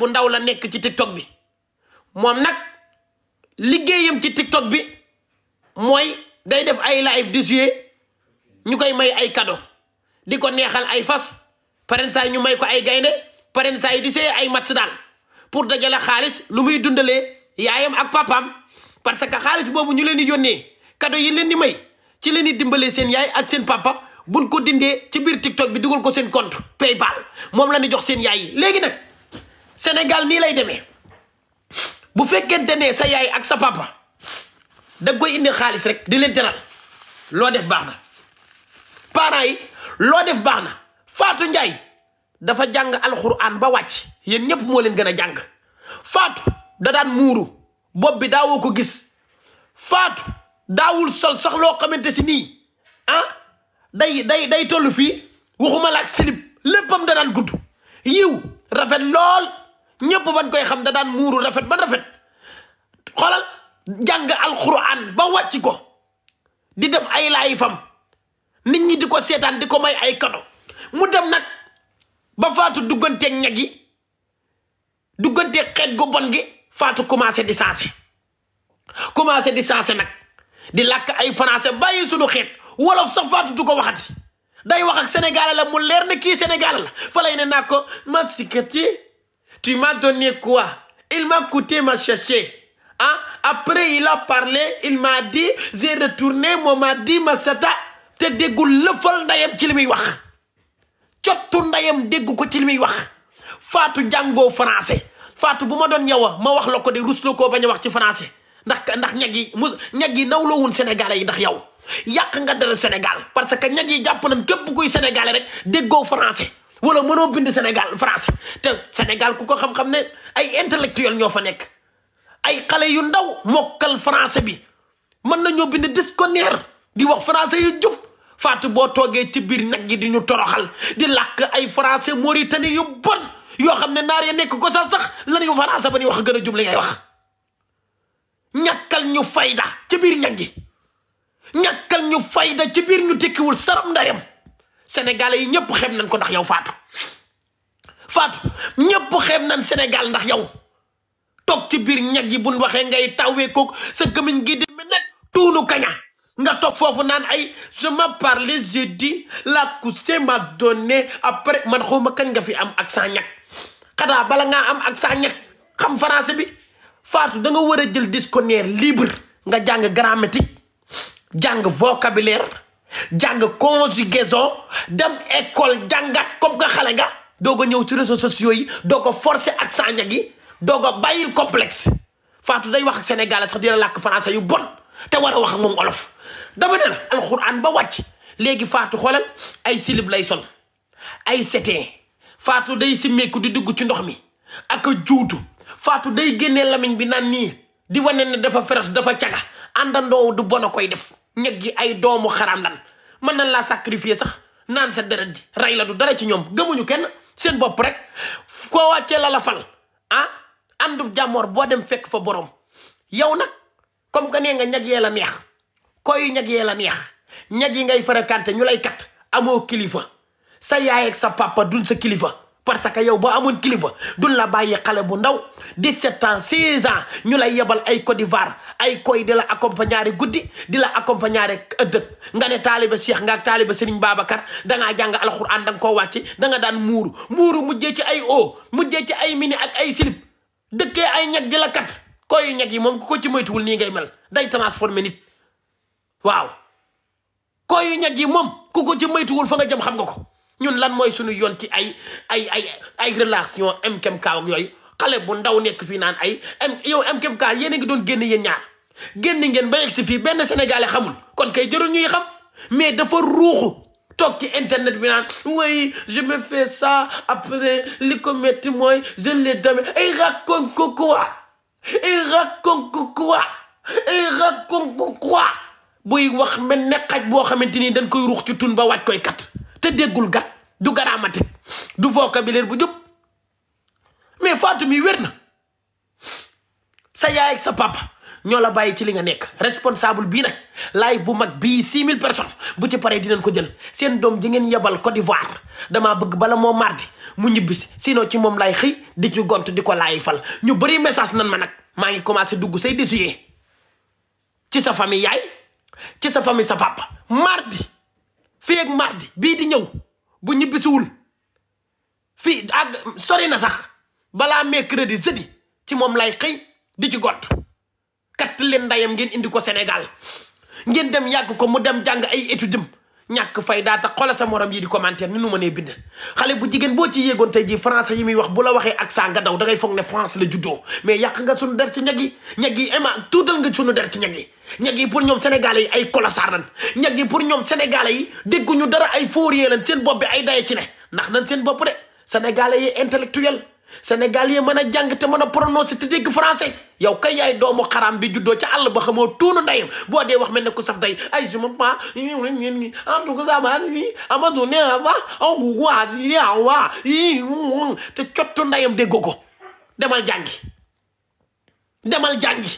bu ndaw la nekk ci tiktok bi moom nag liggéeyam ci tiktok bi mooy day def ay live di jouer ñu koy may ay kado di ko neexal ay fas paren saa ñu may ko ay gaynde paren saa yi di see ay match daal pour dajale xaalis lu muy dundalee yaayam ak papam parce que xaalis boobu ñu leen di yónnee kado yi leen di may ci leen di dimbalee seen yaay ak seen papa buñ ko dindee ci biir tiktok bi dugal ko seen contre paypal moom la ñu jox seen yaay yi léegi nag. Sénégal nii lay demee bu fekkente ne sa yaay ak sa papa da koy indi xaalis rek di leen teral loo def baax na parents yi loo def baax na faatu njaay dafa jàng alxuraan ba wàcc yéen ñëpp moo leen gën a jàng faatu da daan muuru bopp bi daawoo ko gis Fatou daawul sol sax loo xamante si nii ah day day day toll fii waxuma la ak silib léppam da daan gudd. ñépp ban koy xam da daan muuru rafet ba rafet xoolal jàng alxuraan ba wàcci ko di def ay fam nit ñi di ko seetaan di ko may ay kado mu dem nag ba faatu duggante ñag yi dugganteeg xeet gu bon gi faatu commencé di sensé commencé di sensé nag di làkk ay français bàyyi sunu xeet wolof sax faatu du ko waxati day wax ak sénégalais la mu leer ne kii sénégalais la fa lay ne naa ko mat si kët ci Tu m'as donné quoi Il m'a coûté ma chercher. Hein? Après, il a parlé, il m'a dit, j'ai retourné, moi m'a dit, Masata, te dégoul le fol ndayem ci limi wax. Ciottu ndayem déggu ko ci limi wax. Fatou jàngoo français. Fatou bu ma doon yow ma wax la ko de rusloo bañ a wax ci français. ndax ndax ñag yi mu ñag yi nawloo woon sénégalais yi ndax yow yàq nga dara Sénégal parce que ñag yi jàpp nañ képp kuy sénégalais rek déggoo français. wala mënoo bind Sénégal france te Sénégal ku ko xam-xam ne ay intellectuel ñoo fa nekk ay xale yu ndaw mokkal français bi mën nañoo bind dictionnaire di wax français yu jub Fatou boo toogee ci biir nag yi di ñu toroxal di làkk ay france Mauritanie yu bon yoo xam ne naar ya nekk ko sax sax lañu français ba ñuy wax gën a jub li ngay wax ñàkkal ñu fayda ci biir ñag gi ñàkkal ñu fayda ci biir ñu tekkiwul saram ndayam sénégalais yi ñëpp xeeb nañ ko ndax yow Fatou faatu ñépp xeeb nañ Sénégal ndax yow toog ci biir ñag yi buñ waxee ngay tawee koog sa gëmiñ gi di mel ne tuunu kaña nga toog foofu naan ay je me parlais je dis la cousine m'a donné après man xaw ma kañ nga fi am ak sa ñag xanaa bala ngaa am ak sa ñag xam français bi Fatou da nga war a jël dictionnaire libre nga jàng grammatique jàng vocabulaire. jàng conjugaison dem école jàngat comme nga nga doog ñëw ci réseaux sociaux doog a ak saaña gi doog a bàyyil complexe Fatou day wax ak sénégalais sax dina làkk français yu bon te war a wax moom olof dama ne la alxuraan ba wàcc léegi faatu xoolal ay silib lay sol ay setin faatu day simmeeku di dugg ci ndox mi ak juutu faatu day génnee lamiñ bi naan nii di wane ne dafa feres dafa caga àndandoo du bon a koy def ñeg yi ay doomu xaraam lan mën nañ laa sacrifier sax naan sa deret ji rey la du dara ci ñoom gëmuñu kenn seen bopp rek koo wàccee la la fal ah àndub jàmmoor boo dem fekk fa borom yow nag comme que nee nga ñag yee la neex koy ñag yee la neex ñag yi ngay fréquenté ñu lay kat amoo kilifa sa yaay ak sa papa duñ sa kilifa parce que yow boo amoon kilifa duñ la bàyyi xale bu ndaw 17 ans 16 ans ñu lay yebal ay Côte d'Ivoire ay koy di la accompagner guddi di la accompagner dëkk nga ne taaliba Cheikh nga ak taaliba Serigne Babacar dangaa jàng alxuraan da nga koo wàcce da nga daan muuru muuru mujjee ci ay o mujjee ci ay mini ak ay slip dëkkee ay ñag di la kat koy ñag yi moom ku ko ci moytuwul nii ngay mel day transformer nit waaw koy ñag yi moom ku fa nga jëm xam nga ko. ñun lan mooy suñu yoon ci ay ay ay ay relation MKMK yooyu xale bu ndaw nekk fii naan ay M yow MKMK yéen a ngi doon génn yéen ñaan génn ngeen ba egsi fii benn sénégalais xamul kon kay jarul ñuy xam mais dafa ruuxu toog ci internet bi naan oui je me fais ça après li ko métti mooy je l'ai damé ay raconte ko quoi ay raconte buy wax mel ne xaj boo xamante ni dañ koy ruux ci tun ba wàcc koy kat te déggul gat du grammatique du vocabulaire bu jub mais Fatou mi wér na sa yaay ak sa papa ñoo la bàyyi ci li nga nekk responsable bii nag live bu mag bi six mille personnes bu ci paree dinañ ko jël seen doom ji ngeen yebal Côte d'Ivoire damaa bëgg bala moo mardi mu ñibbisi sinon ci moom lay xëy di ci gont di ko laay fal ñu bari message nan ma nag maa ngi commencé dugg say désiyee ci sa famille yaay ci sa famille sa papa mardi fii ak mardi bii di ñëw bu ñibbisiwul fii àgg sori na sax balaa mercredi jeudi ci moom lay xëy di ci gott kat leen ndayam ngeen indi ko Sénégal ngeen dem yàgg ko mu dem jàng ay études ñàkk fay daa tax xoolal sa morom yi di commentaire ni nu mënee bind xale bu jigéen boo ci yéegoon tey ji français yi muy wax bu la waxee ak saa nga daw da ngay foog ne France la juddoo mais yàq nga sunu der ci ñag yi ñag yi ema tuutal nga sunu der ci ñag yi ñag yi pour ñoom sénégalais yi ay kolosaar lan ñag yi pour ñoom sénégalais yi dégguñu dara ay fóoriyee lan seen bopp bi ay daya ci ne ndax nan seen bopp de sénégalais yi intellectuel sénégalais yi mën a jàng te mën a prononcer te dégg français yow kay yaay doomu xaraam bi juddoo ca àll ba xamoo tuunu ndeyam boo dee wax mel ne ku saf day ay je me pas en tout cas ça va si Amadou nee na sax aw bu waa si waa te cottu ndeyam de gogo demal jàngi demal jàngi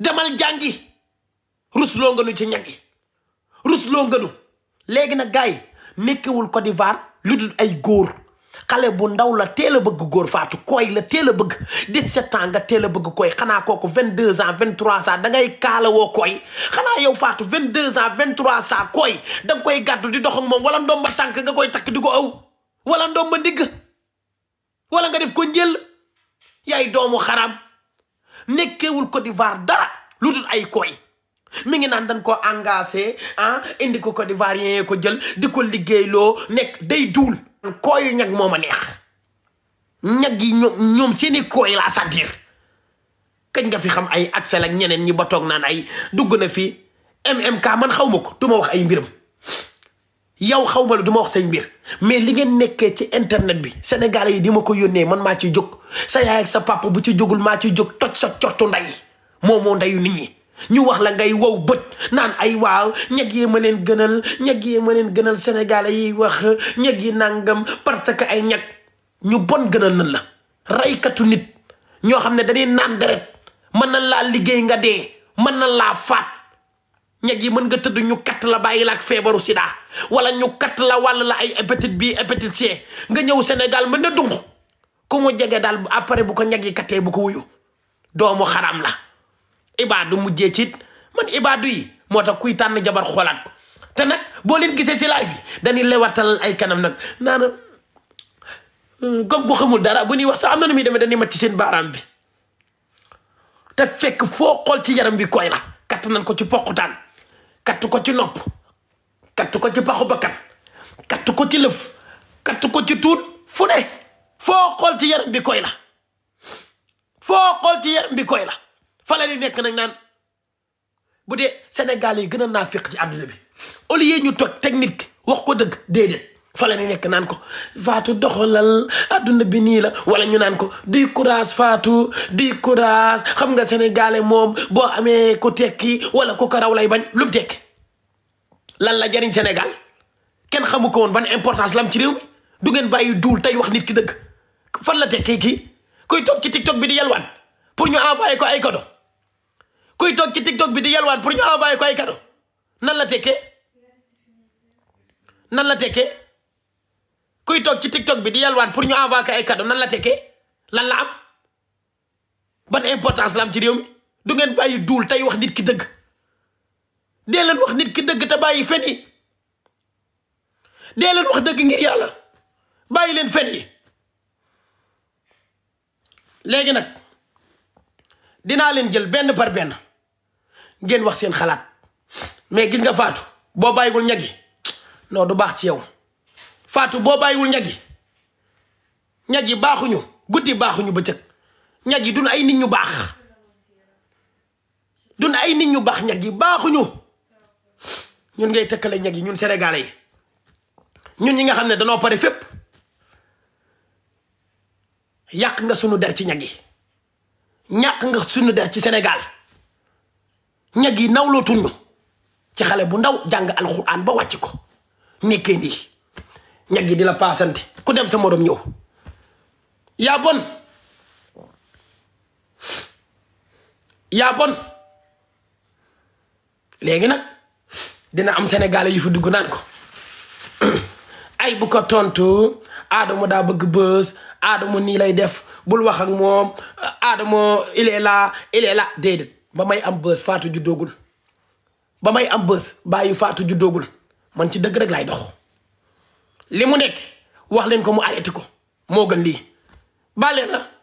demal jàngi rusloo nga ci ñangi rusloo nga nu léegi nag gars yi nekkewul Côte d'Ivoire lu dul ay góor. xale bu ndaw la teel a bëgg góor faatu koy la teel a bëgg 17 ans nga teel a bëgg koy xanaa kooku 22 ans 23 ans da ngay kaalawoo koy xanaa yow faatu 22 ans 23 ans koy da nga koy gàddu di dox ak moom wala ndomba tànk nga koy takk di ko aw wala ndomba ndigg wala nga def ko njël yay doomu xaram nekkewul Côte d'Ivoire dara lu dul ay koy mi ngi naan dañ ko engagé ah indi ko Côte d'Ivoirien ko jël di ko liggéey loo nekk day duul kooyu ñag moom ma neex ñag yi ñoom ñoom seeni kooy laa sàddir kañ nga fi xam ay Axel ak ñeneen ñi ba toog naan ay dugg na fi MMK man xaw ma ko du wax ay mbiram yow xaw ma la duma wax say mbir mais li ngeen nekkee ci internet bi sénégalais yi di ma ko yónnee man maa ci jóg sa yaay sa papa bu ci jógul maa ci jóg toj sa cortu ndey moomoo ndeyu nit ñi ñu wax la ngay wow bët naan ay waaw ñeg yee ma leen gënal ñeg yee ma leen gënal sénégalais yiy wax ñeg yi nàngam parce que ay ñag ñu bon gënal nan la raykatu nit ñoo xam ne dañuy naan deret mën na laa liggéey nga dee mën na laa faat ñeg yi mën nga tëdd ñu kat la bàyyi la feebaru sida wala ñu kat la wàll la ay hépatite B hépatite C nga ñëw Sénégal mën na dung ku mu jege daal après bu ko ñeg yi kattee bu ko wuyu doomu xaram la ibaadu mujjee ci man ibaadu yi moo tax kuy tànn jabar xoolaat te nag boo leen gisee si laay bi dañuy lewatal ay kanam nag naana hmm, comme ko xamul dara bu ñuy wax sax am na nu muy demee dañuy màcc seen baaraam bi te fekk foo xool ci yaram bi koy la katt nañ ko ci poqutaan katt ko ci nopp katt ko ci paxu bakkan katt ko ci lëf katt ko ci tuut fu ne foo xool ci yaram bi koy la foo xool ci yaram bi koy la fa la nekk nag naan bu dee Sénégal yi gën a naafiq ci àdduna bi au lieu ñu toog technique wax ko dëgg déedéet fa la di nekk naan ko Fatou doxalal àdduna bi nii la wala ñu naan ko di courage Fatou di courage xam nga sénégalais moom boo amee ku tekki wala ku ko raw lay bañ lu mu tekki lan la jariñ Sénégal kenn xamu ko woon ban importance lam ci réew du ngeen bàyyi duul tey wax nit ki dëgg fan la tekkee kii kuy toog ki ci toog bi di yalwaan pour ñu ay ko ay cadeau kuy toog ci tiktok bi di yalwaan pour ñu envoyé ko ay cadeau nan la tekkee nan la tekkee kuy toog ci tiktok bi di yalwaan pour ñu envoyé ko ay cadeau nan la tekkee lan la am ban importance lam ci réew mi du ngeen bàyyi duul tey wax nit ki dëgg dee leen wax nit ki dëgg te bàyyi fen yi dee leen wax dëgg ngir yàlla bàyyi leen fen yi léegi nag dinaa leen jël benn par benn ngeen wax seen xalaat mais gis nga faatu boo bàyyiwul ñagi non du baax ci yow faatu boo bàyyiwul ñagi ñagi baaxuñu guddi baaxuñu bëccëg ñagi dun ay nit ñu baax dun ay nit ñu baax ñagi baaxuñu ñun ngay tëkkale ñagi ñun sénégalais yi ñun ñi nga xam ne danoo pare fépp yàq nga sunu der ci ñagi ñàq nga sunu der ci Sénégal ñag yi nawlootuñ ñu ci xale bu ndaw jàng alxuraan ba wàcc ko nekkee nii ñag yi di la ku dem sa morom ñëw yaa bon yaa bon léegi nag dina am sénégalais yu fi dugg naan ko ay bu ko tontu Adamo daa bëgg bës Adamo nii lay def bul wax ak moom Adamo il est là il est ba may am bës faatu juddoogul ba may am bës bàyyi faatu juddoogul man ci dëgg rek laay dox li mu nekk wax leen ko mu arrêté ko moo gën lii bàlle na